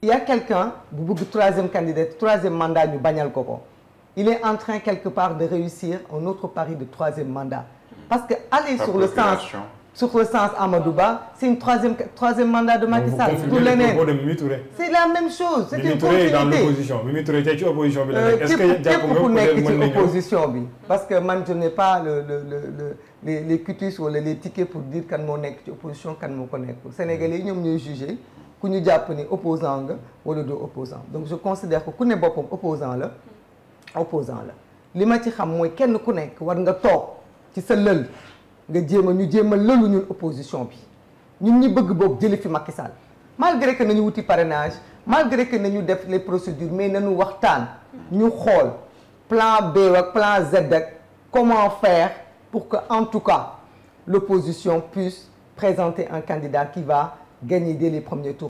il y a quelqu'un troisième candidat mandat ñu bañal ko ko il est en train quelque part de réussir un autre pari de troisième mandat parce que aller sur le sens sur Ba c'est une troisième troisième mandat de Macky Sall du leneen c'est la même chose c'est une continuité Mimi Touré tey opposition bi la euh, est-ce que jàpp nga bi parce que man je n'ai pas le le le le les les pour dire kan moo nekk ci opposition kan moo ko nekk Sénégalais yi ñoom ku ñu jàpp ni opposant nga wala doo opposant donc je considère que ku ne boppam opposant la opposant la li ma ci xam mooy kenn ku nekk war nga toog ci sa lël nga jéem a ñu jéem a lëlu ñun opposition bi ñun ñi bëgg boog jëli fi Macky Sall malgré que nañu wuti parrainage malgré que nañu def les procédures mais na nu waxtaan ñu xool plan B ak plan Z ak comment faire pour que en tout cas l'opposition puisse présenter un candidat qui va gagner dès les premiers tours